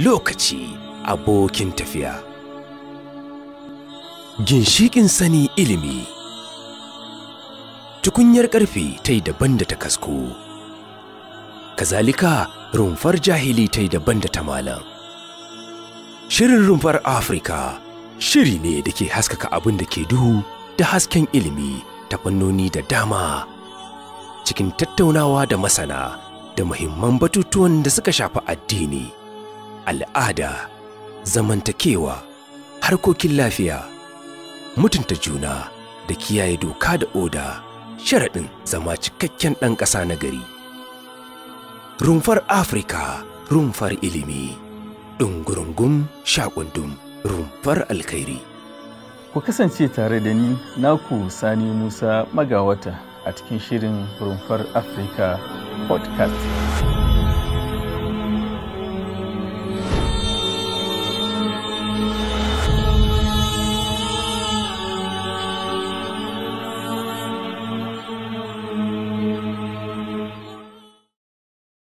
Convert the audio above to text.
lokaci abokin tafiya Ginshiƙin sani ilimi tukunyar ƙarfe ta yi daban da ta kasko kazalika rumfar jahili ta yi daban da ta malam shirin rumfar afirka shiri ne da ke haskaka abin da ke duhu da hasken ilimi ta fannoni da dama cikin tattaunawa da masana da muhimman batutuwan da suka shafi addini al'ada zamantakewa harkokin lafiya mutunta juna da kiyaye doka da oda sharaɗin zama cikakken ɗan ƙasa na gari rumfar afirka rumfar ilimi ɗungurungun shakundum rumfar alkhairi ku kasance tare da ni naku sani musa magawata a cikin shirin rumfar afirka podcast